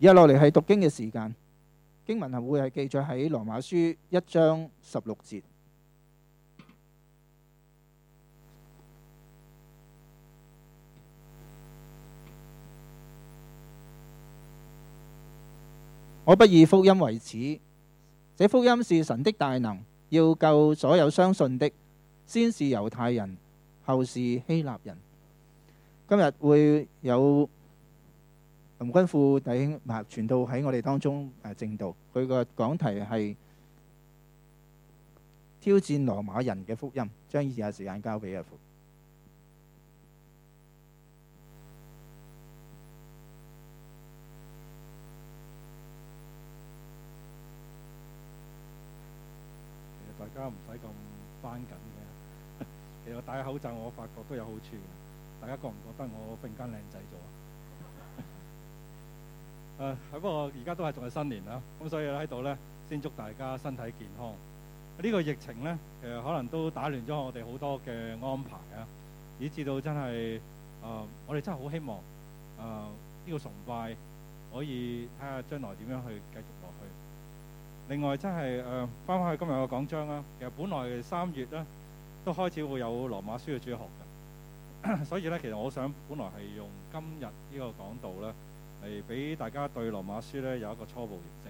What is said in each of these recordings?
而家落嚟係讀經嘅時間，經文係會係記載喺羅馬書一章十六節。我不以福音為恥，這福音是神的大能，要救所有相信的，先是猶太人，後是希臘人。今日會有。林君富弟兄，傳到喺我哋當中誒正道。佢個講題係挑戰羅馬人嘅福音。將以下時間交俾阿福。其實大家唔使咁翻緊嘅。其實戴口罩，我發覺都有好處。大家覺唔覺得我忽然間靚仔咗？誒，不過而家都係仲係新年啦，咁所以喺度呢，先祝大家身體健康。呢個疫情呢，其實可能都打亂咗我哋好多嘅安排啊，以至到真係誒，我哋真係好希望誒呢個崇拜可以睇下將來點樣去繼續落去。另外真係誒，翻返去今日嘅講章啦。其實本來三月呢都開始會有羅馬書嘅主學㗎，所以呢，其實我想本來係用今日呢個講道呢。係俾大家對羅馬書咧有一個初步認識。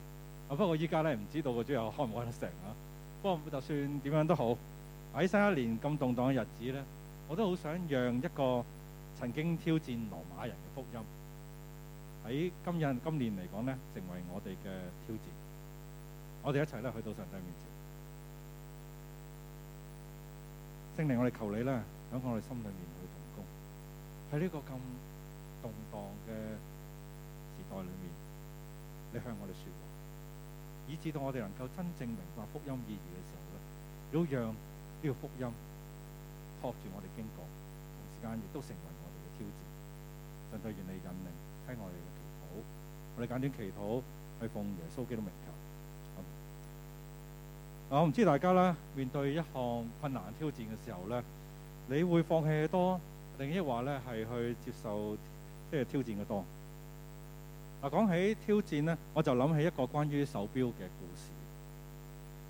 啊，不過依家咧唔知道個主又開唔開得成啊。不過就算點樣都好，喺新一年咁動盪嘅日子咧，我都好想讓一個曾經挑戰羅馬人嘅福音喺今日今年嚟講咧，成為我哋嘅挑戰。我哋一齊咧去到上帝面前，聖靈，我哋求你咧響我哋心裡面去動工，喺呢個咁動盪嘅裏面，你向我哋說話，以至到我哋能夠真正明白福音意義嘅時候咧，要讓呢個福音托住我哋經過，同時間亦都成為我哋嘅挑戰。面對原你引領聽我哋嘅祈禱，我哋簡短祈禱去奉耶穌基督名求。好，我唔知大家啦，面對一項困難挑戰嘅時候咧，你會放棄嘅多，定抑或咧係去接受即係挑戰嘅多？嗱，講起挑戰呢，我就諗起一個關於手錶嘅故事。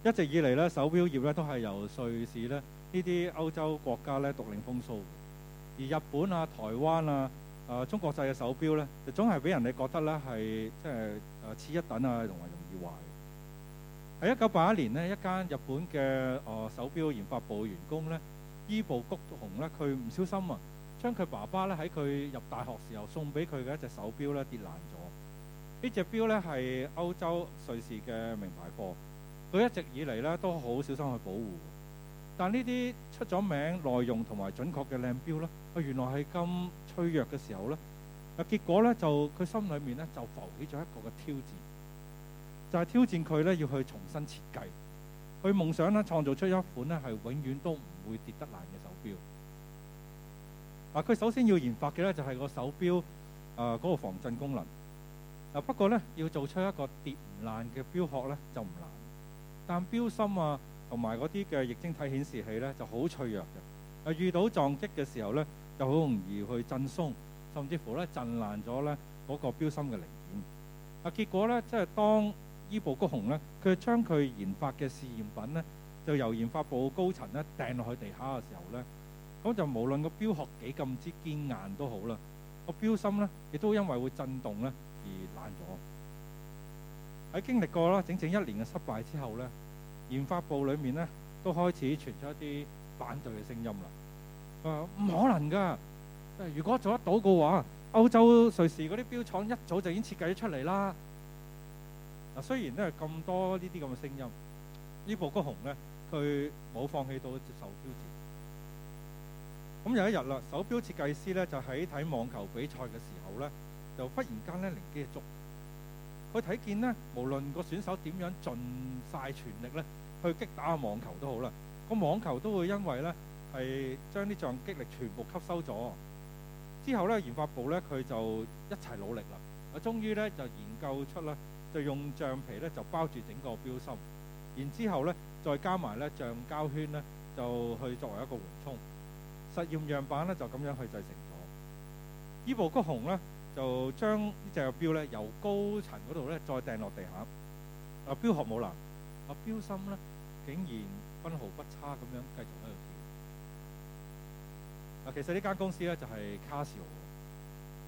一直以嚟呢，手錶業咧都係由瑞士咧呢啲歐洲國家呢獨領風騷，而日本啊、台灣啊、啊中國製嘅手錶呢，就總係俾人哋覺得呢係即係啊次一等啊，同埋容易壞。喺一九八一年呢，一間日本嘅啊手錶研發部員工呢，伊部谷雄呢，佢唔小心啊，將佢爸爸咧喺佢入大學時候送俾佢嘅一隻手錶咧跌爛咗，呢隻錶咧係歐洲瑞士嘅名牌貨，佢一直以嚟咧都好小心去保護。但呢啲出咗名、耐用同埋準確嘅靚錶咧，啊原來係咁脆弱嘅時候咧，啊結果咧就佢心裏面咧就浮起咗一個嘅挑戰，就係挑戰佢咧要去重新設計，去夢想咧創造出一款咧係永遠都唔會跌得爛嘅手錶。嗱，佢首先要研發嘅咧就係個手錶，誒嗰個防震功能。啊不過咧，要做出一個跌唔爛嘅錶殼咧就唔難，但錶芯啊同埋嗰啲嘅液晶體顯示器咧就好脆弱嘅。啊遇到撞擊嘅時候咧就好容易去震鬆，甚至乎咧震爛咗咧嗰個錶芯嘅零件。啊結果咧即係當伊布谷雄咧，佢將佢研發嘅試驗品咧，就由研發部高層咧掟落去地下嘅時候咧。咁就無論個錶殼幾咁之堅硬都好啦，個錶芯咧亦都因為會震動咧而爛咗。喺經歷過啦整整一年嘅失敗之後咧，研發部裡面咧都開始傳出一啲反對嘅聲音啦。啊唔可能㗎！如果做得到嘅話，歐洲瑞士嗰啲錶廠一早就已經設計咗出嚟啦。嗱，雖然咧咁多呢啲咁嘅聲音，呢個曲紅咧佢冇放棄到接受挑戰。咁有一日啦，手錶設計師咧就喺睇網球比賽嘅時候咧，就忽然間咧靈機一觸，佢睇見呢無論個選手點樣盡曬全力咧去擊打個網球都好啦，個網球都會因為咧係將啲橡擊力全部吸收咗。之後咧，研發部咧佢就一齊努力啦，啊，終於咧就研究出啦，就用橡皮咧就包住整個錶芯，然之後咧再加埋咧橡膠圈咧就去作為一個緩衝。實驗樣板咧就咁樣去製成咗。伊部菊雄咧就將呢隻錶咧由高層嗰度咧再掟落地下。啊，錶殼冇爛，啊，錶芯咧竟然分毫不差咁樣繼續喺度跳。啊，其實呢間公司咧就係卡西歐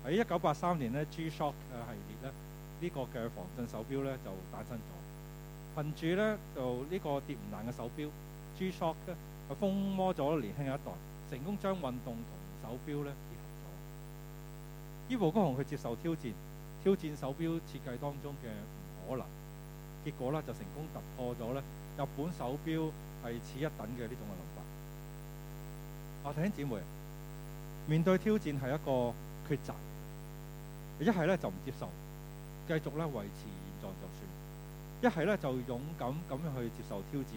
喺一九八三年咧 G Shock 嘅系列咧呢個嘅防震手錶咧就誕生咗。憑住咧就呢個跌唔爛嘅手錶 G Shock 咧風靡咗年輕一代。成功將運動同手錶咧結合咗。伊部高雄去接受挑戰，挑戰手錶設計當中嘅唔可能，結果咧就成功突破咗咧日本手錶係次一等嘅呢種嘅諗法。啊，弟兄姊妹，面對挑戰係一個抉擇，一係咧就唔接受，繼續咧維持現狀就算；一係咧就勇敢咁樣去接受挑戰，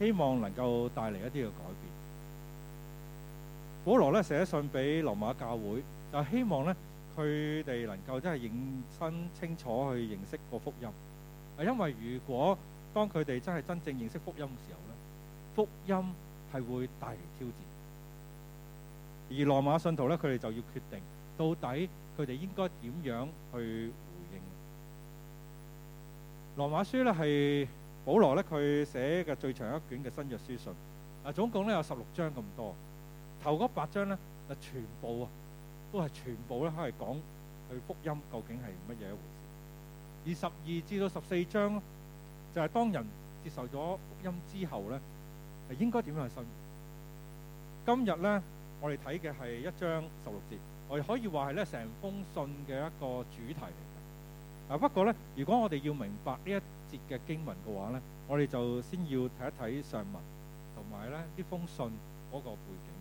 希望能夠帶嚟一啲嘅改變。保羅咧寫信俾羅馬教會，就希望咧佢哋能夠真係認真清楚去認識個福音。係因為如果當佢哋真係真正認識福音嘅時候咧，福音係會帶嚟挑戰。而羅馬信徒咧，佢哋就要決定到底佢哋應該點樣去回應。羅馬書咧係保羅咧佢寫嘅最長一卷嘅新約書信，啊，總共咧有十六章咁多。頭嗰八章咧，啊，全部啊都係，全部咧，係講去福音究竟係乜嘢一回事。而十二至到十四章就係、是、當人接受咗福音之後咧，係應該點樣去信。今日咧，我哋睇嘅係一章十六節，我哋可以話係咧成封信嘅一個主題嚟嘅。不過咧，如果我哋要明白呢一節嘅經文嘅話咧，我哋就先要睇一睇上文，同埋咧呢封信嗰個背景。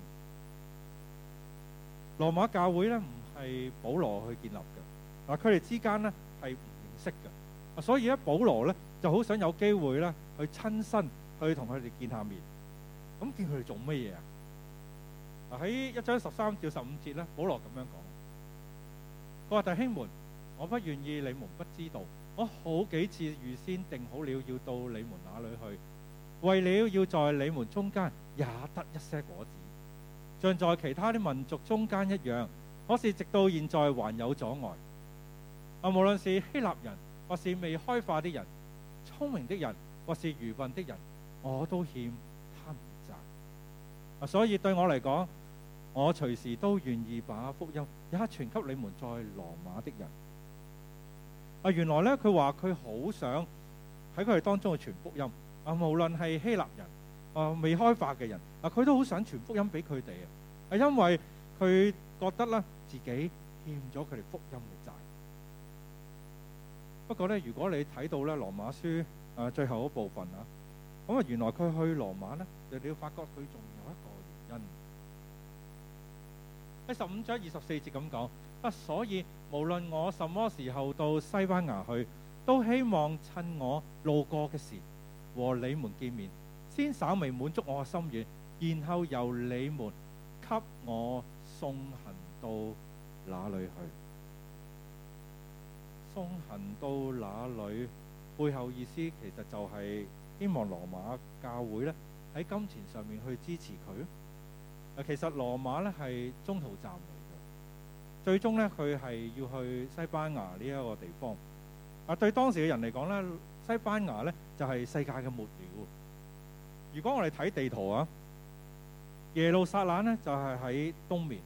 羅馬教會咧，唔係保羅去建立嘅，嗱，佢哋之間呢係唔識嘅，所以咧，保羅呢就好想有機會咧去親身去同佢哋見下面，咁見佢哋做乜嘢啊？喺一章十三至十五節咧，保羅咁樣講：佢話弟兄們，我不願意你們不知道，我好幾次預先定好了要到你們那裡去，為了要在你們中間也得一些果子。像在其他啲民族中間一樣，可是直到現在還有阻礙。啊，無論是希臘人，或是未開化啲人，聰明的人，或是愚笨的人，我都欠他們債。啊，所以對我嚟講，我隨時都願意把福音也傳給你們在羅馬的人。啊，原來呢，佢話佢好想喺佢哋當中去傳福音。啊，無論係希臘人。啊！未開發嘅人啊，佢都好想傳福音俾佢哋啊，係因為佢覺得咧自己欠咗佢哋福音嘅債。不過咧，如果你睇到咧《羅馬書》啊最後一部分啊，咁啊原來佢去羅馬呢，你你要發覺佢仲有一個原因喺十五章二十四節咁講啊。所以無論我什麼時候到西班牙去，都希望趁我路過嘅時和你們見面。先稍微滿足我個心願，然後由你們給我送行到哪裏去？送行到哪裏？背後意思其實就係希望羅馬教會呢喺金錢上面去支持佢。其實羅馬呢係中途站嚟嘅，最終呢佢係要去西班牙呢一個地方。啊，對當時嘅人嚟講，呢西班牙呢就係世界嘅末了。如果我哋睇地圖啊，耶路撒冷呢就係喺東面，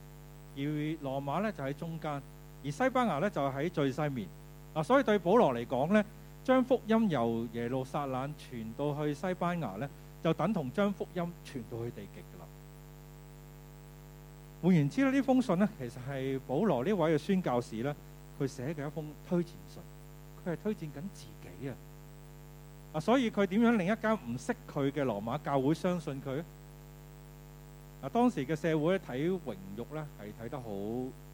而羅馬呢就喺中間，而西班牙呢就係喺最西面。嗱，所以對保羅嚟講呢，將福音由耶路撒冷傳到去西班牙呢，就等同將福音傳到去地極噶啦。換言之，呢封信呢，其實係保羅呢位嘅宣教士呢，佢寫嘅一封推薦信，佢係推薦緊自己啊。啊，所以佢點樣令一間唔識佢嘅羅馬教會相信佢？啊，當時嘅社會咧睇榮辱咧係睇得好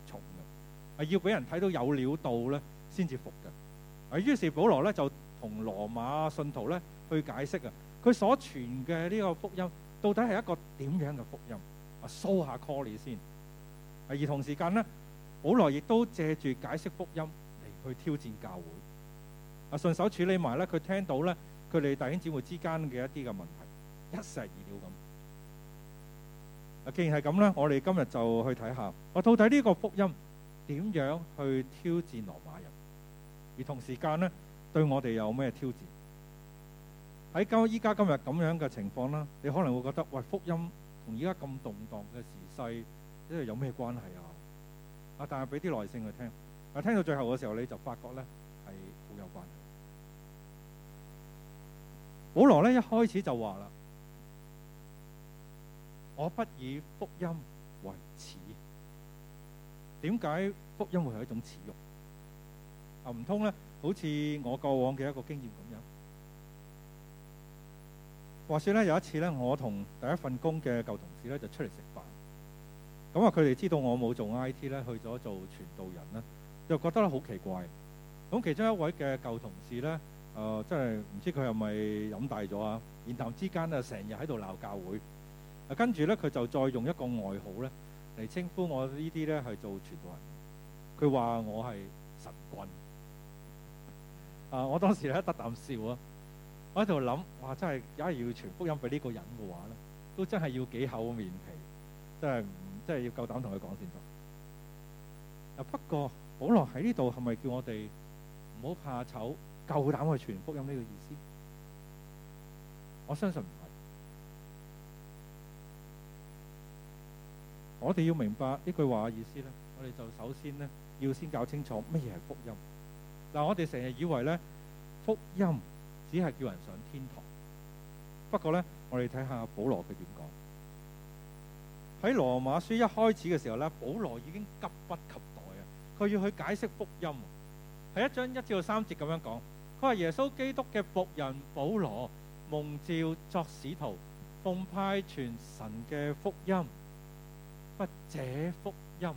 重嘅，啊要俾人睇到有料到咧先至服嘅。啊，於是保羅咧就同羅馬信徒咧去解釋嘅，佢所傳嘅呢個福音到底係一個點樣嘅福音？啊，show 下 call 你先。啊，而同時間咧，保羅亦都借住解釋福音嚟去挑戰教會。啊！順手處理埋咧，佢聽到咧，佢哋弟兄姊妹之間嘅一啲嘅問題，一石二鳥咁。啊，既然係咁咧，我哋今日就去睇下，我到底呢個福音點樣去挑戰羅馬人，而同時間呢，對我哋有咩挑戰？喺今依家今日咁樣嘅情況啦，你可能會覺得喂福音同依家咁動盪嘅時勢，即係有咩關係啊？啊，但係俾啲耐性去聽，啊，聽到最後嘅時候你就發覺咧。保羅咧一開始就話啦：我不以福音為恥。點解福音會係一種恥辱？啊，唔通咧，好似我過往嘅一個經驗咁樣。話說咧，有一次咧，我同第一份工嘅舊同事咧就出嚟食飯。咁啊，佢哋知道我冇做 IT 咧，去咗做傳道人啦，就覺得咧好奇怪。咁其中一位嘅舊同事咧。哦、呃，真係唔知佢係咪飲大咗啊！言談之間咧，成日喺度鬧教會啊。跟住咧，佢就再用一個外號咧嚟稱呼我這些呢啲咧係做傳道人。佢話我係神棍啊！我當時喺得啖笑啊，我喺度諗：哇！真係假如要傳福音俾呢個人嘅話咧，都真係要幾厚面皮，真係真係要夠膽同佢講先得。不過，保羅喺呢度係咪叫我哋唔好怕醜？夠膽去傳福音呢個意思？我相信唔係。我哋要明白呢句話嘅意思咧。我哋就首先咧要先搞清楚咩嘢係福音。嗱，我哋成日以為咧福音只係叫人上天堂。不過咧，我哋睇下保羅佢點講。喺羅馬書一開始嘅時候咧，保羅已經急不及待啊！佢要去解釋福音，喺一章一至到三節咁樣講。佢話：耶穌基督嘅僕人保羅，蒙召作使徒，奉派傳神嘅福音。不，這福音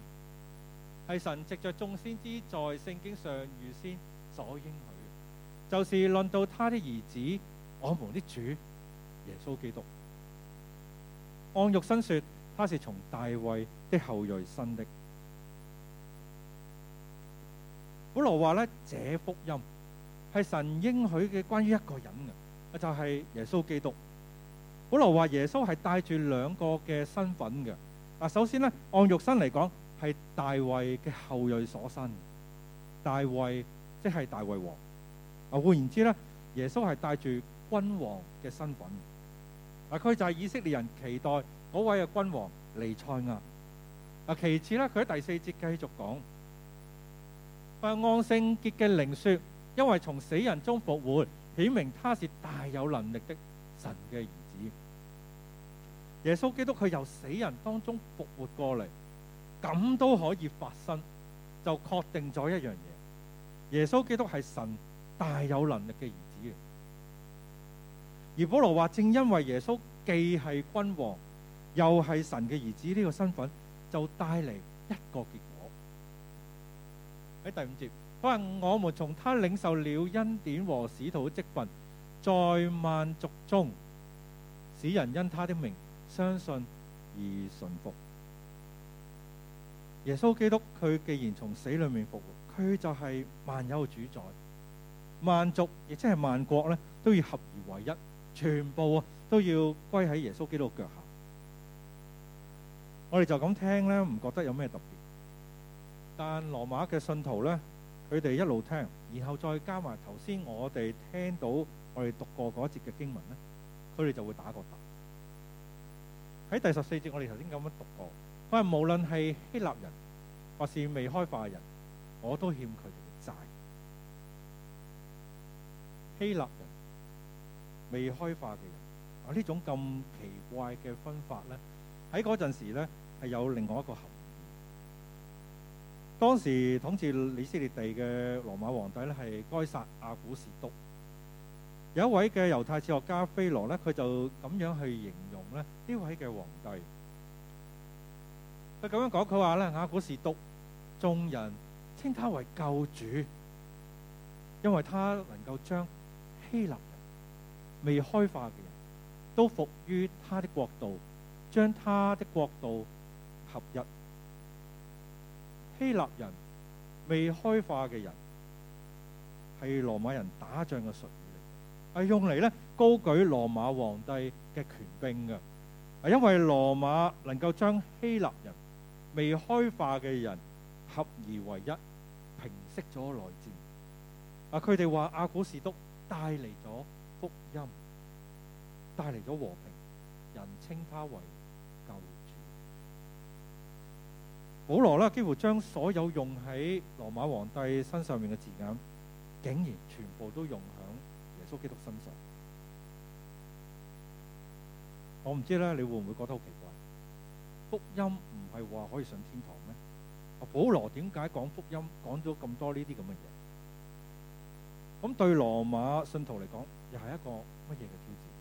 係神藉著眾先知在聖經上預先所應許，就是論到他的兒子，我們的主耶穌基督。按肉身說，他是從大衛的後裔生的。保羅話咧：這福音。係神應許嘅，關於一個人嘅，就係、是、耶穌基督。保羅話耶穌係帶住兩個嘅身份嘅。嗱，首先咧，按肉身嚟講係大衛嘅後裔所生，大衛即係大衛王。啊，換言之咧，耶穌係帶住君王嘅身份嘅。啊，佢就係以色列人期待嗰位嘅君王彌賽亞。啊，其次咧，佢喺第四節繼續講，話按聖潔嘅靈說。因為從死人中復活，顯明他是大有能力的神嘅兒子。耶穌基督佢由死人當中復活過嚟，咁都可以發生，就確定咗一樣嘢：耶穌基督係神大有能力嘅兒子。而保羅話，正因為耶穌既係君王，又係神嘅兒子，呢個身份，就帶嚟一個結果，喺第五節。可能我們從他領受了恩典和使徒的職份，在萬族中使人因他的名相信而順服。耶穌基督，佢既然從死裏面復活，佢就係萬有主宰。萬族，亦即係萬國咧，都要合而為一，全部啊都要歸喺耶穌基督的腳下。我哋就咁聽咧，唔覺得有咩特別，但羅馬嘅信徒咧。佢哋一路聽，然後再加埋頭先我哋聽到我哋讀過嗰一節嘅經文咧，佢哋就會打個突。喺第十四節，我哋頭先咁樣讀過，佢話無論係希臘人或是未開化嘅人，我都欠佢哋嘅債。希臘人、未開化嘅人啊，呢種咁奇怪嘅分法咧，喺嗰陣時咧係有另外一個含。當時統治以色列地嘅羅馬皇帝咧係該撒亞古士督，有一位嘅猶太哲學家菲羅呢，佢就咁樣去形容咧呢位嘅皇帝。佢咁樣講，佢話咧亞古士督，眾人稱他為救主，因為他能夠將希臘人未開化嘅人都服於他的國度，將他的國度合入。希臘人未開化嘅人係羅馬人打仗嘅術語嚟，係用嚟咧高舉羅馬皇帝嘅權柄嘅。係因為羅馬能夠將希臘人未開化嘅人合而為一，平息咗內戰。啊，佢哋話阿古士都帶嚟咗福音，帶嚟咗和平，人稱他為。保羅啦，幾乎將所有用喺羅馬皇帝身上面嘅字眼，竟然全部都用響耶穌基督身上。我唔知咧，你會唔會覺得好奇怪？福音唔係話可以上天堂咩？保羅點解講福音講咗咁多呢啲咁嘅嘢？咁對羅馬信徒嚟講，又係一個乜嘢嘅挑戰？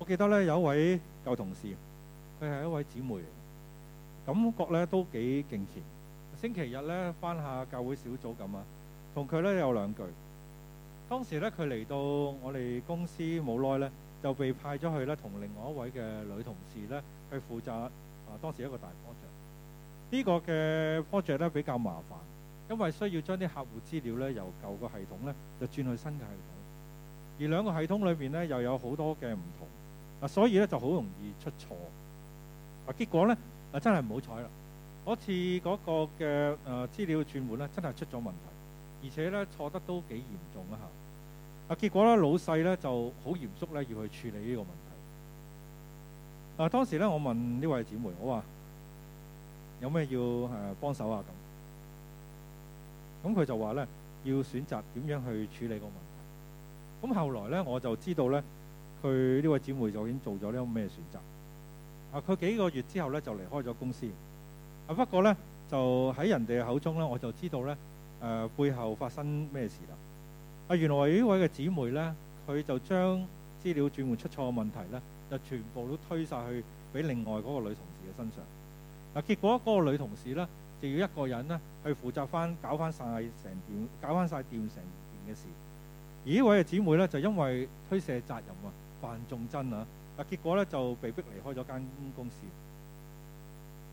我記得咧，有一位舊同事。佢係一位姊妹嚟，感覺咧都幾敬虔。星期日咧返下教會小組咁啊，同佢咧有兩句。當時咧佢嚟到我哋公司冇耐咧，就被派咗去咧同另外一位嘅女同事咧去負責啊。當時一個大 project、這個、呢個嘅 project 咧比較麻煩，因為需要將啲客戶資料咧由舊個系統咧就轉去新嘅系統，而兩個系統裏邊咧又有好多嘅唔同啊，所以咧就好容易出錯。嗱，結果咧，真係唔好彩啦！嗰次嗰個嘅誒資料轉換咧，真係出咗問題，而且咧錯得都幾嚴重啦嚇。嗱，結果咧老細咧就好嚴肅咧要去處理呢個問題。嗱，當時咧我問呢位姐妹，我話有咩要誒幫手啊？咁咁佢就話咧要選擇點樣去處理個問題。咁後來咧我就知道咧，佢呢位姐妹就已經做咗呢個咩選擇。啊！佢幾個月之後咧就離開咗公司。啊不過呢，就喺人哋口中呢，我就知道呢，誒、呃、背後發生咩事啦。啊原來呢位嘅姊妹呢，佢就將資料轉換出錯嘅問題咧就全部都推晒去俾另外嗰個女同事嘅身上。嗱、啊、結果嗰個女同事呢，就要一個人呢，去負責翻搞翻晒成件搞翻晒掂成件嘅事。而呢位嘅姊妹呢，就因為推卸責任啊犯眾憎啊！嗱，結果咧就被逼離開咗間公司。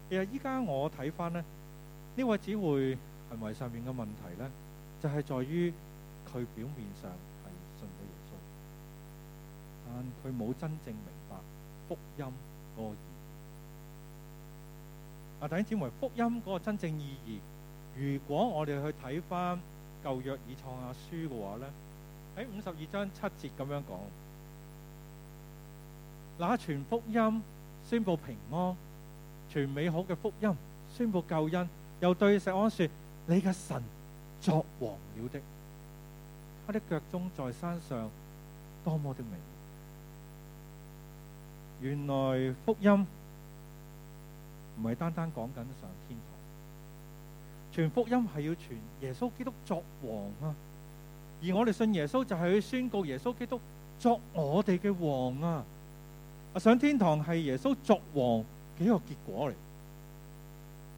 其實依家我睇翻呢，呢位姊妹行為上面嘅問題呢，就係在於佢表面上係信咗耶穌，但佢冇真正明白福音個意義。啊，第一姊妹，福音嗰個真正意義，如果我哋去睇翻舊約以賽亞書嘅話呢，喺五十二章七節咁樣講。那傳福音宣布平安，傳美好嘅福音宣布救恩，又對錫安說：你嘅神作王了的，他的腳蹤在山上，多麼的美！原來福音唔係單單講緊上天堂，傳福音係要傳耶穌基督作王啊！而我哋信耶穌就係去宣告耶穌基督作我哋嘅王啊！上天堂係耶穌作王嘅一個結果嚟。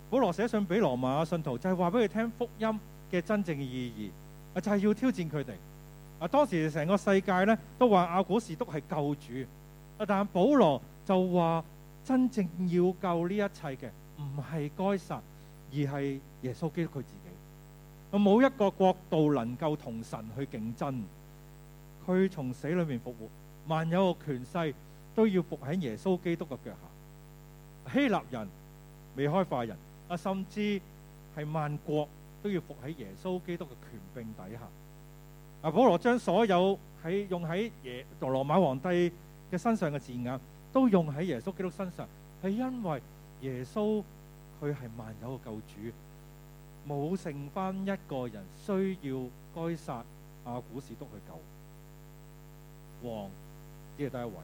保羅寫信俾羅馬信徒，就係話俾佢聽福音嘅真正意義啊！就係要挑戰佢哋啊！當時成個世界咧都話亞古士督係救主啊，但係保羅就話真正要救呢一切嘅唔係該撒，而係耶穌基督佢自己。冇一個國度能夠同神去競爭。佢從死裏面復活，萬有嘅權勢。都要伏喺耶穌基督嘅腳下。希臘人、未開化人啊，甚至係萬國都要伏喺耶穌基督嘅權柄底下。阿保羅將所有喺用喺耶同羅馬皇帝嘅身上嘅字眼，都用喺耶穌基督身上，係因為耶穌佢係萬有嘅救主，冇剩返一個人需要該殺阿古士督去救王，只係第一位。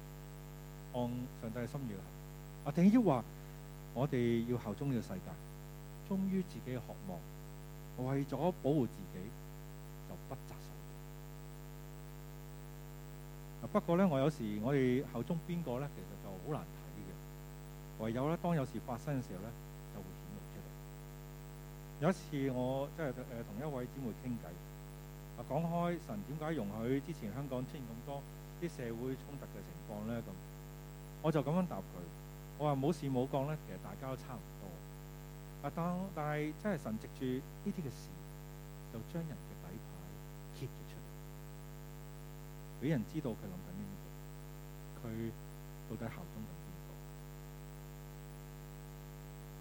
按上帝嘅心意行。阿定要話，我哋要效忠呢個世界，忠於自己嘅渴望，為咗保護自己就不擇手。不過呢，我有時我哋效忠邊個呢？其實就好難睇嘅。唯有呢，當有事發生嘅時候呢，就會顯露出嚟。有一次我即係、呃、同一位姊妹傾偈，啊，講開神點解容許之前香港出現咁多啲社會衝突嘅情況呢？咁。我就咁樣答佢，我話冇事冇講咧，其實大家都差唔多。但但係，真係神藉住呢啲嘅事，就將人嘅底牌揭咗出嚟，俾人知道佢諗緊邊個，佢到底效忠緊邊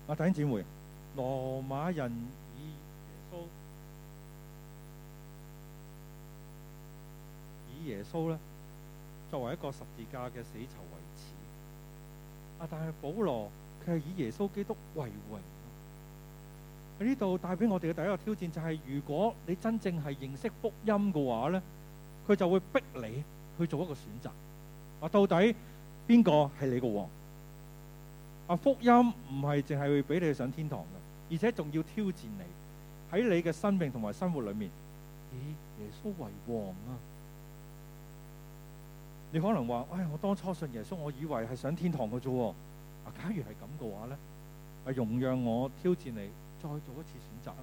個。阿、啊、弟兄姊妹，羅馬人以耶穌以耶穌咧作為一個十字架嘅死囚為恥。啊！但係保羅佢係以耶穌基督為榮。喺呢度帶俾我哋嘅第一個挑戰就係：如果你真正係認識福音嘅話呢，佢就會逼你去做一個選擇。啊，到底邊個係你個王？啊，福音唔係淨係會俾你上天堂嘅，而且仲要挑戰你喺你嘅生命同埋生活裏面，以耶穌為王啊！你可能話：「哎，我當初信耶穌，我以為係上天堂嘅啫。啊，假如係咁嘅話咧，啊，容讓我挑戰你，再做一次選擇啦。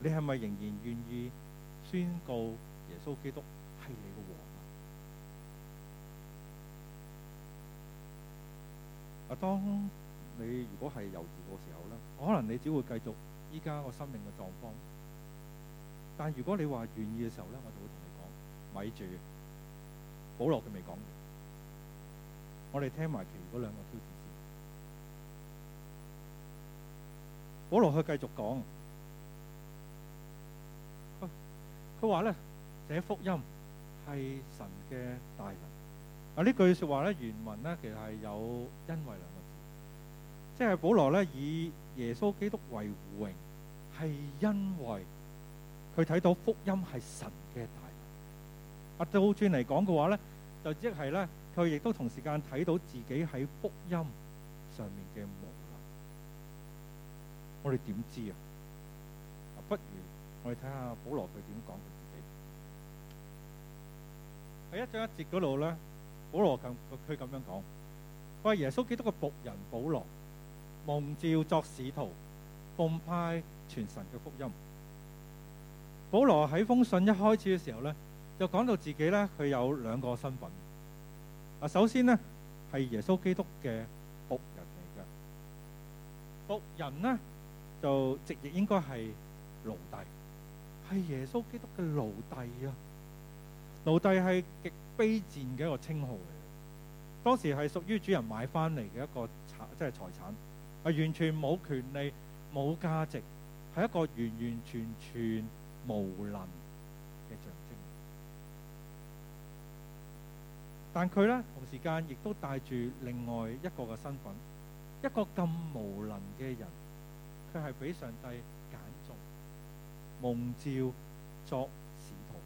你係咪仍然願意宣告耶穌基督係你嘅王啊？啊，當你如果係猶豫嘅時候咧，可能你只會繼續依家我生命嘅狀況。但係如果你話願意嘅時候咧，我就會同你講：「咪住。保羅佢未講完，我哋聽埋其餘嗰兩個挑戰先。保羅佢繼續講，佢話咧，這福音係神嘅大能。啊，呢句說話咧，原文咧其實係有因為兩個字，即係保羅咧以耶穌基督為榮，係因為佢睇到福音係神嘅大能。啊，倒轉嚟講嘅話咧。就即係咧，佢亦都同時間睇到自己喺福音上面嘅無能。我哋點知啊？不如我哋睇下保羅佢點講佢自己。喺一章一節嗰度咧，保羅佢各區咁樣講。佢話：耶穌基督嘅僕人保羅，蒙召作使徒，奉派傳神嘅福音。保羅喺封信一開始嘅時候咧。就講到自己咧，佢有兩個身份。啊，首先呢，係耶穌基督嘅僕人嚟嘅，僕人呢，就直譯應該係奴隸，係耶穌基督嘅奴隸啊。奴隸係極卑賤嘅一個稱號嚟嘅，當時係屬於主人買翻嚟嘅一個產，即係財產，係完全冇權利、冇價值，係一個完完全全無能嘅象。但佢咧，同時間亦都帶住另外一個嘅身份，一個咁無能嘅人，佢係俾上帝揀中，蒙召作使徒。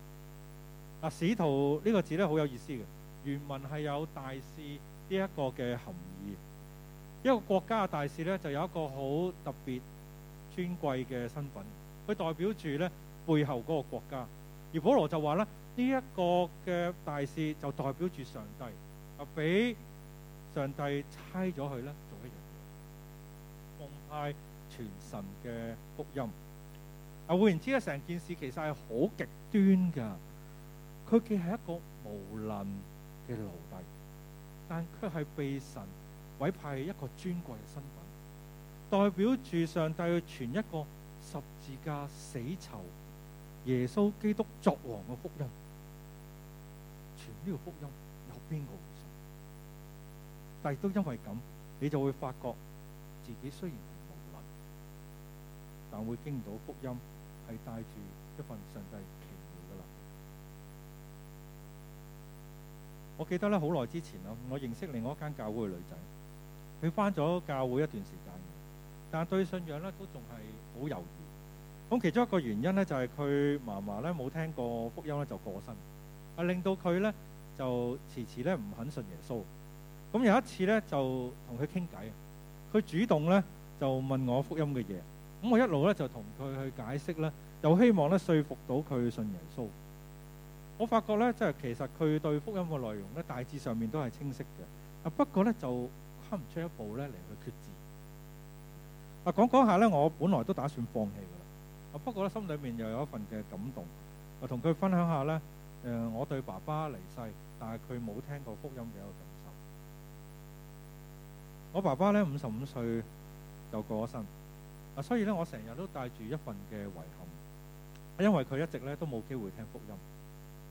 嗱、啊，使徒個呢個字咧，好有意思嘅，原文係有大使呢一個嘅含義。一、這個國家嘅大使咧，就有一個好特別尊貴嘅身份，佢代表住咧背後嗰個國家。而保羅就話咧。呢一個嘅大事就代表住上帝啊，俾上帝差咗佢咧做一樣嘢，奉派傳神嘅福音啊。換言之咧，成件事其實係好極端㗎。佢既係一個無能嘅奴隸，但卻係被神委派一個尊貴嘅身份，代表住上帝去傳一個十字架死囚耶穌基督作王嘅福音。全呢個福音有邊個會信？但係都因為咁，你就會發覺自己雖然係無能，但會驚到福音係帶住一份上帝奇妙嘅啦。我記得咧，好耐之前啦，我認識另外一間教會嘅女仔，佢翻咗教會一段時間，但係對信仰咧都仲係好猶豫。咁其中一個原因咧就係佢嫲嫲咧冇聽過福音咧就過身。啊！令到佢咧就遲遲咧唔肯信耶穌。咁有一次咧就同佢傾偈，佢主動咧就問我福音嘅嘢。咁我一路咧就同佢去解釋呢，又希望咧說服到佢信耶穌。我發覺咧，即係其實佢對福音嘅內容咧大致上面都係清晰嘅。啊，不過咧就跨唔出一步咧嚟去決志。啊，講講下咧，我本來都打算放棄㗎啦。啊，不過咧心裏面又有一份嘅感動，啊，同佢分享下咧。誒，我對爸爸離世，但係佢冇聽過福音嘅一個感受。我爸爸咧五十五歲就過咗身啊，所以咧我成日都帶住一份嘅遺憾，因為佢一直咧都冇機會聽福音。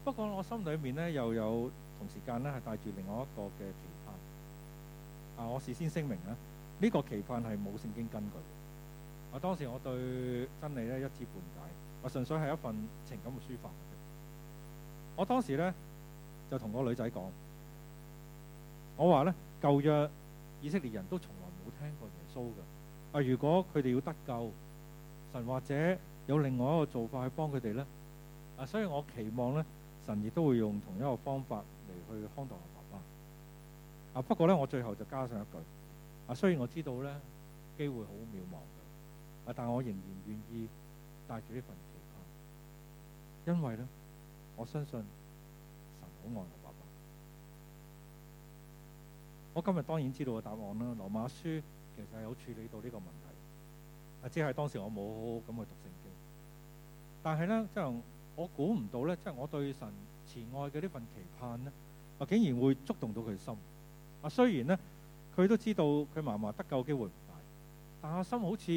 不過我心裏面呢，又有同時間呢係帶住另外一個嘅期盼。啊，我事先聲明呢，呢、呢個期盼係冇聖經根據嘅。我當時我對真理呢，一知半解，我純粹係一份情感嘅抒發。我當時咧就同個女仔講，我話咧舊約以色列人都從來冇聽過耶穌㗎。啊，如果佢哋要得救，神或者有另外一個做法去幫佢哋咧。啊，所以我期望咧神亦都會用同一個方法嚟去康復我爸爸啊。啊，不過咧我最後就加上一句，啊，雖然我知道咧機會好渺茫，啊，但我仍然願意帶住呢份期盼，因為咧，我相信神好愛我爸爸。我今日當然知道個答案啦。羅馬書其實係有處理到呢個問題，只係當時我冇好好咁去讀聖經但係呢。但係咧，即係我估唔到咧，即係我對神慈愛嘅呢份期盼咧，我竟然會觸動到佢心。啊，雖然呢，佢都知道佢嫲嫲得救機會唔大，但係心好似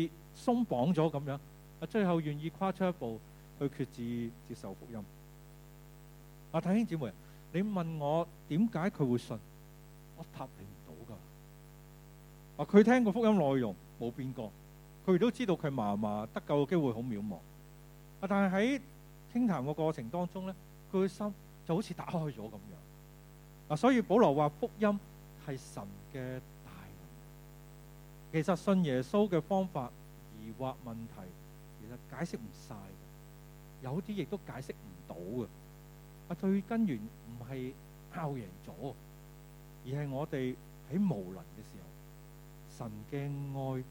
鬆綁咗咁樣，啊，最後願意跨出一步去決志接受福音。我睇兄弟姊妹，你問我點解佢會信，我答你唔到㗎。嗱，佢聽過福音內容冇變過，佢亦都知道佢嫲嫲得救嘅機會好渺茫。啊，但係喺傾談嘅過程當中咧，佢嘅心就好似打開咗咁樣。嗱，所以保羅話福音係神嘅大能。其實信耶穌嘅方法疑惑問題，其實解釋唔晒，有啲亦都解釋唔到嘅。啊！最根源唔係拗贏咗，而係我哋喺無能嘅時候，神嘅愛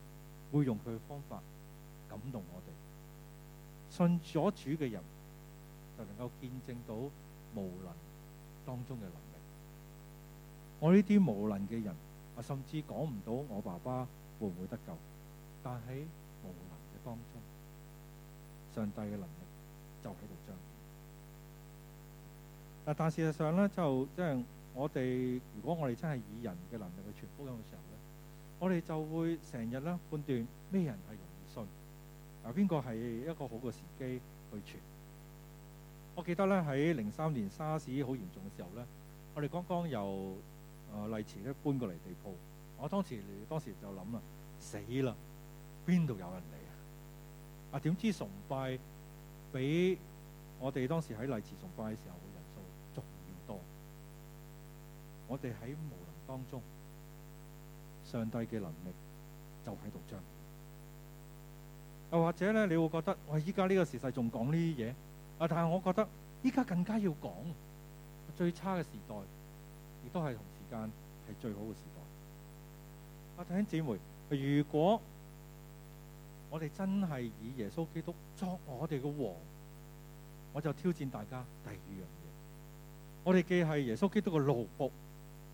會用佢嘅方法感動我哋。信咗主嘅人就能夠見證到無能當中嘅能力。我呢啲無能嘅人啊，甚至講唔到我爸爸會唔會得救，但喺無能嘅當中，上帝嘅能力就喺度。但事實上咧，就即係我哋，如果我哋真係以人嘅能力去傳福音嘅時候咧，我哋就會成日咧判斷咩人係容易信，嗱邊個係一個好嘅時機去傳。我記得咧喺零三年沙士好嚴重嘅時候咧，我哋剛剛由麗池咧搬過嚟地鋪，我當時當時就諗啦：死啦，邊度有人嚟啊？啊，點知崇拜俾我哋當時喺麗池崇拜嘅時候。我哋喺無能當中，上帝嘅能力就喺度將。又或者咧，你會覺得我依家呢個時勢仲講呢啲嘢，啊！但係我覺得依家更加要講。最差嘅時，時，時代，亦都係同時間係最好嘅時代。啊，弟兄姊妹，如果我哋真係以耶穌基督作我哋嘅王，我就挑戰大家第二樣嘢。我哋既係耶穌基督嘅奴僕。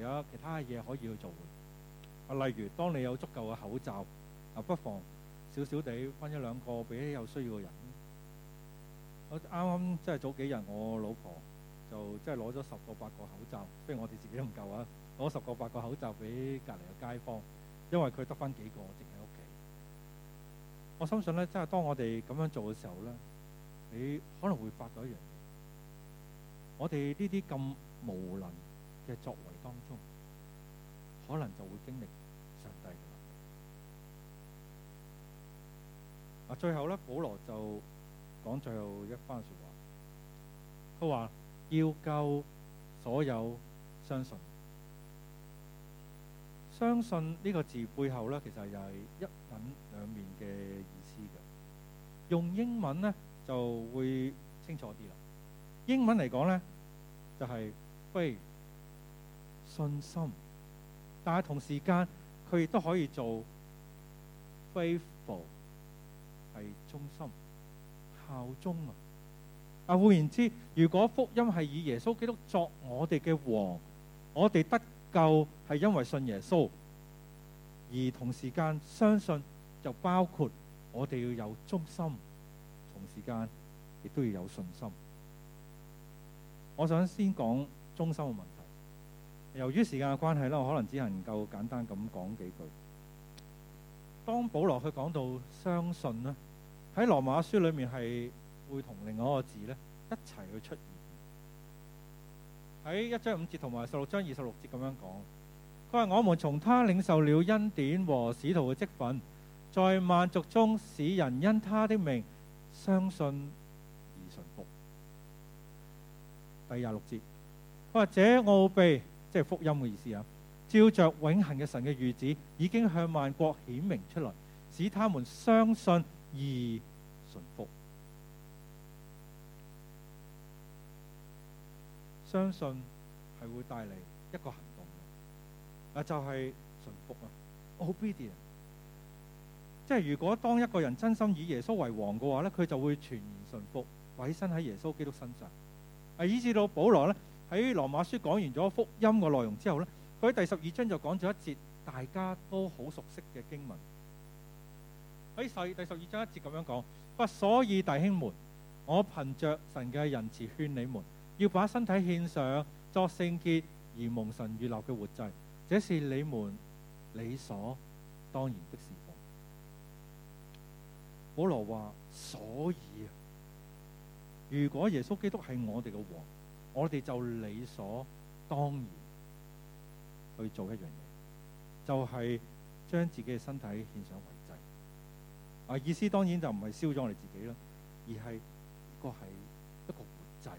有其他嘢可以去做嘅，啊，例如當你有足夠嘅口罩，啊，不妨少少地分一兩個俾有需要嘅人。我啱啱即係早幾日，我老婆就即係攞咗十個八個口罩，雖然我哋自己都唔夠啊，攞十個八個口罩俾隔離嘅街坊，因為佢得翻幾個，淨喺屋企。我深信咧，即係當我哋咁樣做嘅時候咧，你可能會發覺一樣嘢，我哋呢啲咁無能嘅作為。當中可能就會經歷上帝啦。啊，最後咧，保羅就講最後一番說話，佢話要救所有相信。相信呢個字背後咧，其實又係一體兩面嘅意思嘅。用英文咧就會清楚啲啦。英文嚟講咧就係 faith。信心，但係同時間佢亦都可以做，faithful 係忠心、效忠啊！啊，換言之，如果福音係以耶穌基督作我哋嘅王，我哋得救係因為信耶穌，而同時間相信就包括我哋要有忠心，同時間亦都要有信心。我想先講忠心嘅問。由於時間嘅關係啦，我可能只能夠簡單咁講幾句。當保羅去講到相信咧，喺羅馬書裏面係會同另外一個字咧一齊去出現。喺一章五節同埋十六章二十六節咁樣講，佢話：我們從他領受了恩典和使徒嘅積分，在萬族中使人因他的名相信而順服。第二十六節，佢話：這奧秘即係福音嘅意思啊！照着永恒嘅神嘅預旨，已經向萬國顯明出來，使他們相信而順服。相信係會帶嚟一個行動嘅，啊就係、是、順服啊，obedient。即係如果當一個人真心以耶穌為王嘅話咧，佢就會全然順服，委身喺耶穌基督身上。啊，以至到保羅咧。喺羅馬書講完咗福音嘅內容之後呢，佢喺第十二章就講咗一節大家都好熟悉嘅經文。喺第十二章一節咁樣講，不所以弟兄們，我憑着神嘅仁慈勸你們，要把身體獻上作聖潔而蒙神悅納嘅活祭，這是你們理所當然的事。保羅話，所以如果耶穌基督係我哋嘅王，我哋就理所當然去做一樣嘢，就係、是、將自己嘅身體獻上為祭。啊，意思當然就唔係燒咗我哋自己啦，而係呢個係一個活祭。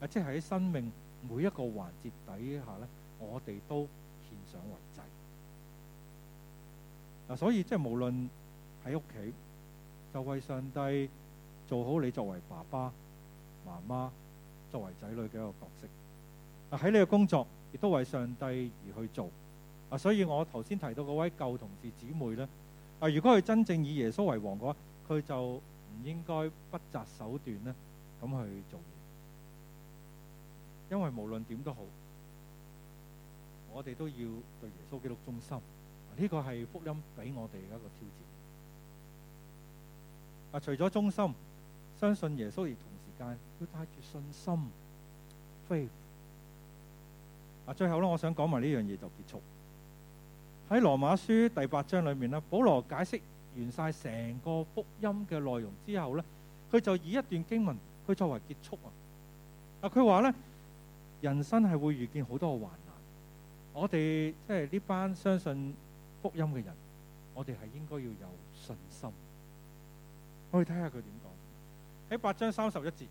啊，即係喺生命每一個環節底下咧，我哋都獻上為祭。嗱、啊，所以即係、就是、無論喺屋企，就為上帝做好你作為爸爸媽媽。作為仔女嘅一個角色，啊，喺你嘅工作，亦都為上帝而去做，啊，所以我頭先提到嗰位舊同事姊妹咧，啊，如果佢真正以耶穌為王嘅話，佢就唔應該不擇手段咧，咁去做嘢。因為無論點都好，我哋都要對耶穌基督忠心，呢個係福音俾我哋嘅一個挑戰。啊，除咗忠心，相信耶穌亦。但要帶住信心，faith。嗱，最後咧，我想講埋呢樣嘢就結束。喺羅馬書第八章裏面咧，保羅解釋完晒成個福音嘅內容之後咧，佢就以一段經文去作為結束啊。嗱，佢話咧，人生係會遇見好多嘅患難，我哋即係呢班相信福音嘅人，我哋係應該要有信心。我哋睇下佢點。喺八章三十一節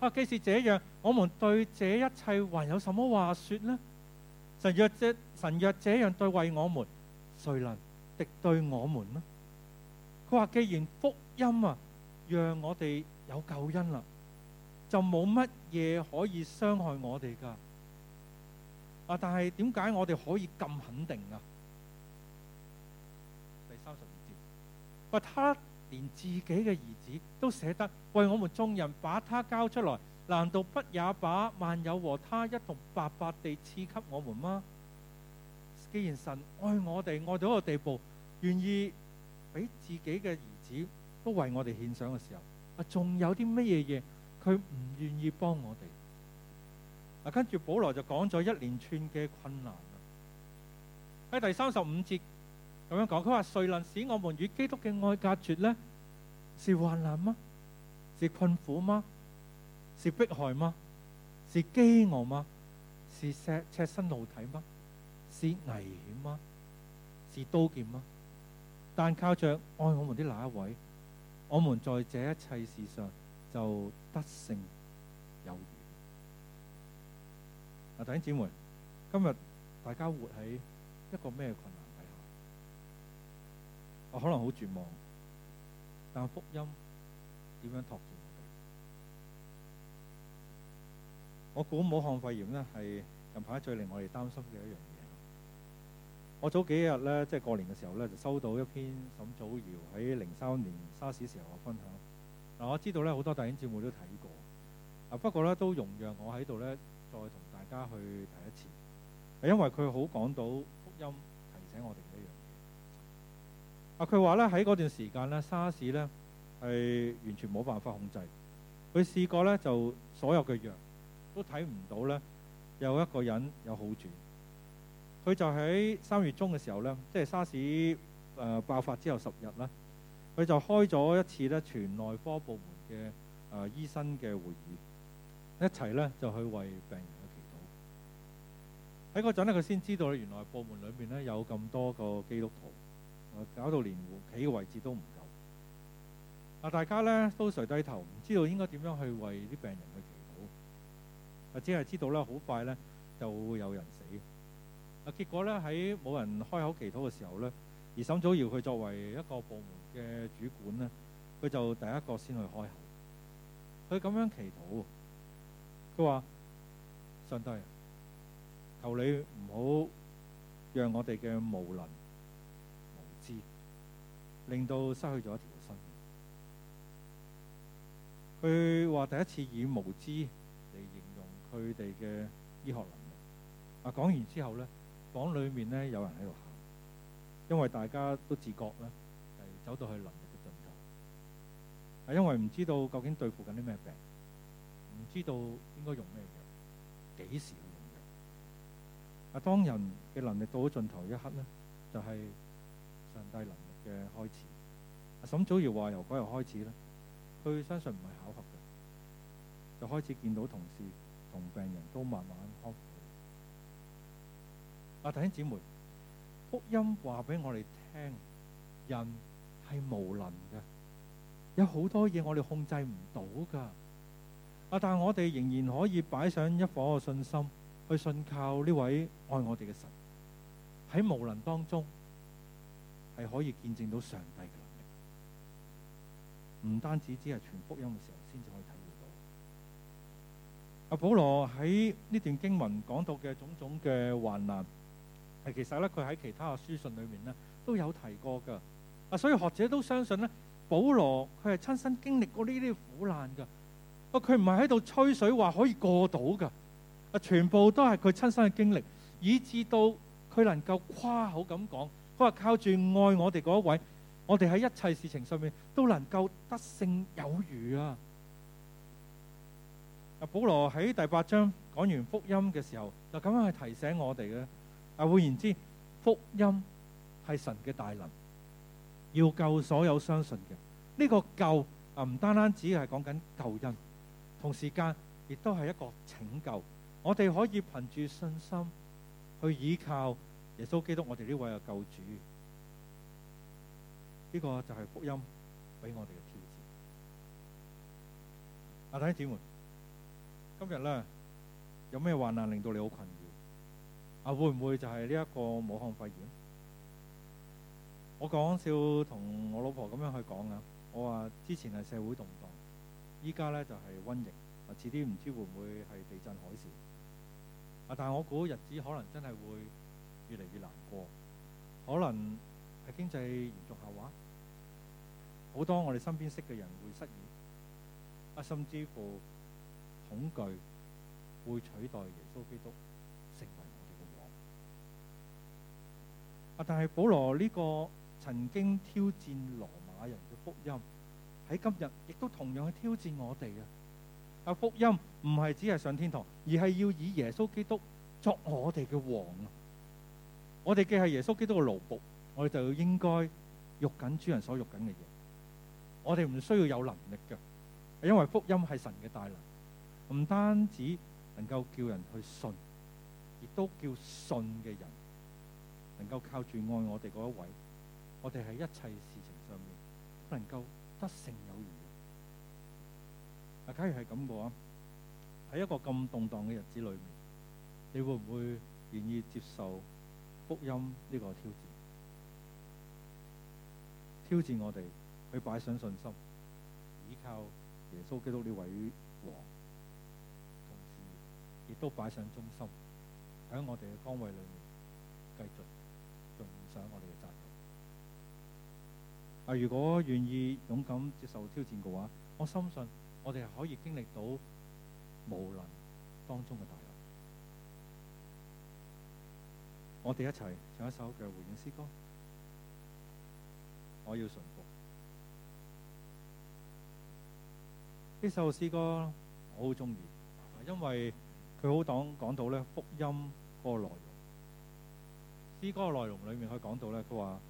啊，既是這樣，我們對這一切還有什麼話說呢？神若這神若這樣對慰我們，誰能敵對我們呢？佢話既然福音啊，讓我哋有救恩啦，就冇乜嘢可以傷害我哋噶。啊，但係點解我哋可以咁肯定啊？第三十二節，啊他。連自己嘅兒子都捨得為我們眾人把他交出來，難道不也把萬有和他一同白白地賜給我們嗎？既然神愛我哋愛到一個地步，願意俾自己嘅兒子都為我哋獻上嘅時候，啊，仲有啲乜嘢嘢佢唔願意幫我哋？啊，跟住保羅就講咗一連串嘅困難啦，喺第三十五節。咁樣講，佢話：誰能使我們與基督嘅愛隔絕呢？是患難嗎？是困苦嗎？是迫害嗎？是飢餓嗎？是赤赤身露體嗎？是危險嗎？是刀劍嗎？但靠著愛我們的那一位，我們在這一切事上就得勝有餘。嗱，弟兄姊妹，今日大家活喺一個咩羣？我可能好絕望，但福音點樣托住我哋？我估武漢肺炎呢，係近排最令我哋擔心嘅一樣嘢。我早幾日呢，即係過年嘅時候呢，就收到一篇沈祖堯喺零三年沙士時候嘅分享。嗱，我知道呢，好多弟兄姊妹都睇過，啊不過呢，都容讓我喺度呢，再同大家去提一次，係因為佢好講到福音提醒我哋啊！佢話咧，喺嗰段時間咧沙士咧係完全冇辦法控制。佢試過咧，就所有嘅藥都睇唔到咧，有一個人有好轉。佢就喺三月中嘅時候咧，即係沙士誒爆發之後十日啦，佢就開咗一次咧全內科部門嘅誒醫生嘅會議，一齊咧就去為病人去祈禱。喺嗰陣咧，佢先知道原來部門裏面咧有咁多個基督徒。搞到連企嘅位置都唔夠。啊！大家咧都垂低頭，唔知道應該點樣去為啲病人去祈禱，或只係知道咧好快咧就會有人死。啊！結果咧喺冇人開口祈禱嘅時候咧，而沈祖堯佢作為一個部門嘅主管咧，佢就第一個先去開口。佢咁樣祈禱，佢話：上帝，求你唔好讓我哋嘅無能。令到失去咗一條生命。佢話：第一次以無知嚟形容佢哋嘅醫學能力。啊，講完之後咧，房裡面咧有人喺度喊，因為大家都自覺咧，係走到去能力嘅盡頭，係因為唔知道究竟對付緊啲咩病，唔知道應該用咩藥，幾時去用藥。啊，當人嘅能力到咗盡頭一刻咧，就係上帝能嘅開始，阿沈祖堯話：由嗰日開始咧，佢相信唔係巧合嘅，就開始見到同事同病人都慢慢康復。阿弟兄姊妹，福音話俾我哋聽，人係無能嘅，有好多嘢我哋控制唔到㗎。啊，但係我哋仍然可以擺上一顆嘅信心，去信靠呢位愛我哋嘅神喺無能當中，係可以見證到上帝嘅能力，唔單止只係傳福音嘅時候先至可以體會到。阿保羅喺呢段經文講到嘅種種嘅患難，係其實咧佢喺其他嘅書信裏面咧都有提過㗎。啊，所以學者都相信咧，保羅佢係親身經歷過呢啲苦難㗎。啊，佢唔係喺度吹水話可以過到㗎。啊，全部都係佢親身嘅經歷，以至到佢能夠誇口咁講。佢話靠住愛我哋嗰一位，我哋喺一切事情上面都能夠得勝有餘啊！保羅喺第八章講完福音嘅時候，就咁樣去提醒我哋嘅。啊，換言之，福音係神嘅大能，要救所有相信嘅。呢個救啊，唔單單只係講緊救恩，同時間亦都係一個拯救。我哋可以憑住信心去依靠。耶穌基督，我哋呢位啊救主，呢個就係福音俾我哋嘅挑戰。啊，弟兄姊妹，今日咧有咩患難令到你好困擾？啊，會唔會就係呢一個武漢肺炎？我講笑同我老婆咁樣去講呀。我話之前係社會動盪，依家咧就係瘟疫啊，遲啲唔知會唔會係地震海嘯啊，但我估日子可能真係會。越嚟越難過，可能係經濟嚴重下滑，好多我哋身邊識嘅人會失業，啊，甚至乎恐懼會取代耶穌基督成為我哋嘅王啊！但係保羅呢個曾經挑戰羅馬人嘅福音，喺今日亦都同樣去挑戰我哋啊！啊，福音唔係只係上天堂，而係要以耶穌基督作我哋嘅王啊！我哋既係耶穌基督嘅奴僕，我哋就要應該喐緊主人所喐緊嘅嘢。我哋唔需要有能力嘅，因為福音係神嘅大能，唔單止能夠叫人去信，亦都叫信嘅人能夠靠住愛我哋嗰一位。我哋喺一切事情上面都能夠得勝有餘。啊，假如係咁嘅話，喺一個咁動盪嘅日子裏面，你會唔會願意接受？福音呢個挑戰，挑戰我哋去擺上信心，依靠耶穌基督呢位王，同時亦都擺上忠心，喺我哋嘅崗位裏面繼續盡上我哋嘅責任。啊，如果願意勇敢接受挑戰嘅話，我深信我哋係可以經歷到無論當中嘅大。我哋一齊唱一首嘅回應詩歌。我要順服呢首詩歌，我好中意，因為佢好當講到咧福音嗰個內容。詩歌內容裏面可以講到咧，佢話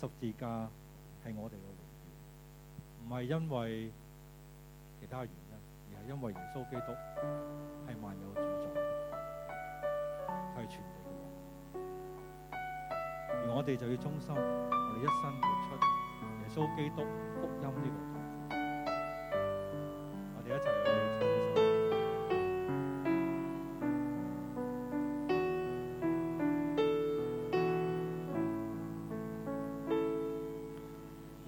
十字架係我哋嘅榮耀，唔係因為其他原因，而係因為耶穌基督係萬有主。我哋就要忠心，我哋一生活出耶穌基督福音呢個。我哋一齊去。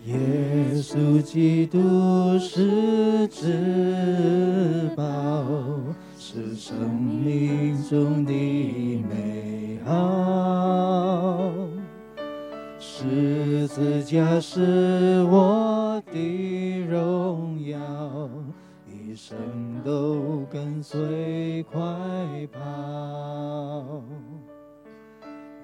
耶穌基督是至寶，是生命中的。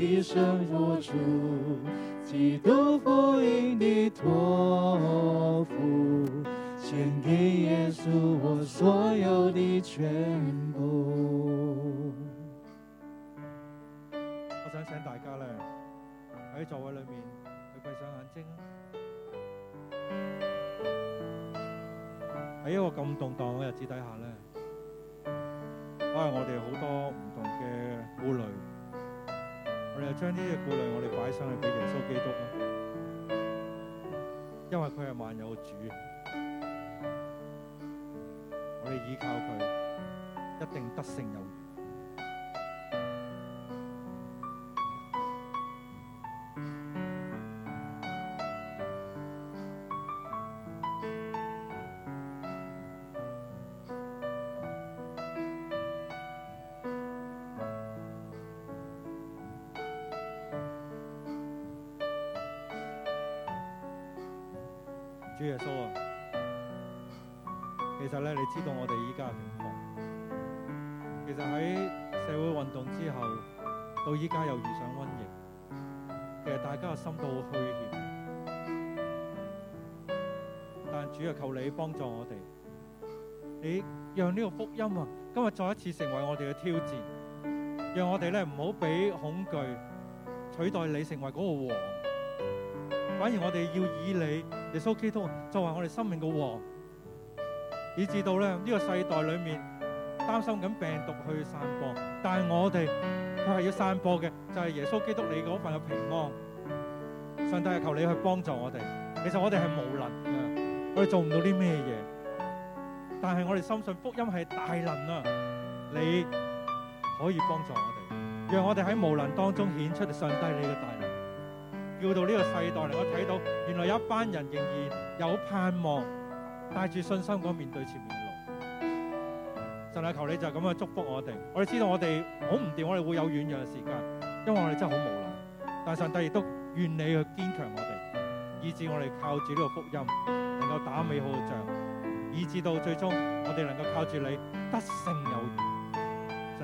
一生托住，基督福音的託付，獻給耶穌我所有的全部。我想請大家咧，喺座位裏面，去閉上眼睛。喺一個咁動蕩嘅日子底下咧，可能我哋好多唔同嘅顧慮。我哋將呢啲顧慮，我哋擺上去俾耶穌基督咯，因為佢係萬有主，我哋依靠佢一定得勝有餘。再一次成為我哋嘅挑戰，讓我哋咧唔好俾恐懼取代你成為嗰個王，反而我哋要以你耶穌基督作為我哋生命嘅王，以至到咧呢、呢個世代裏面擔心緊病毒去散播，但係我哋佢係要散播嘅就係、係、耶穌基督你嗰份嘅平安。上帝啊，求你去幫助我哋。其實我哋係無能嘅，我哋做唔到啲咩嘢，但係我哋深信福音係大能啊！你可以幫助我哋，讓我哋喺無能當中顯出上帝你嘅大能，叫到呢個世代能夠睇到，原來有一班人仍然有盼望，帶住信心噉面對前面嘅路。上帝求你就咁樣祝福我哋。我哋知道我哋好唔掂，我哋會有軟弱嘅時間，因為我哋真係好無能。但上帝亦都願你去堅強我哋，以致我哋靠住呢個福音能夠打美好嘅仗，以致到最終我哋能夠靠住你得勝有餘。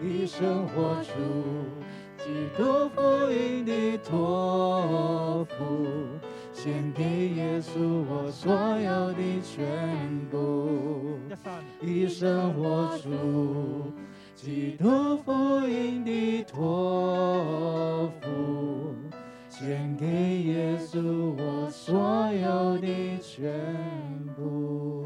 一生活出基督福音的託付，獻給耶穌我所有的全部。Yes, 一生活出基督福音的託付，獻給耶穌我所有的全部。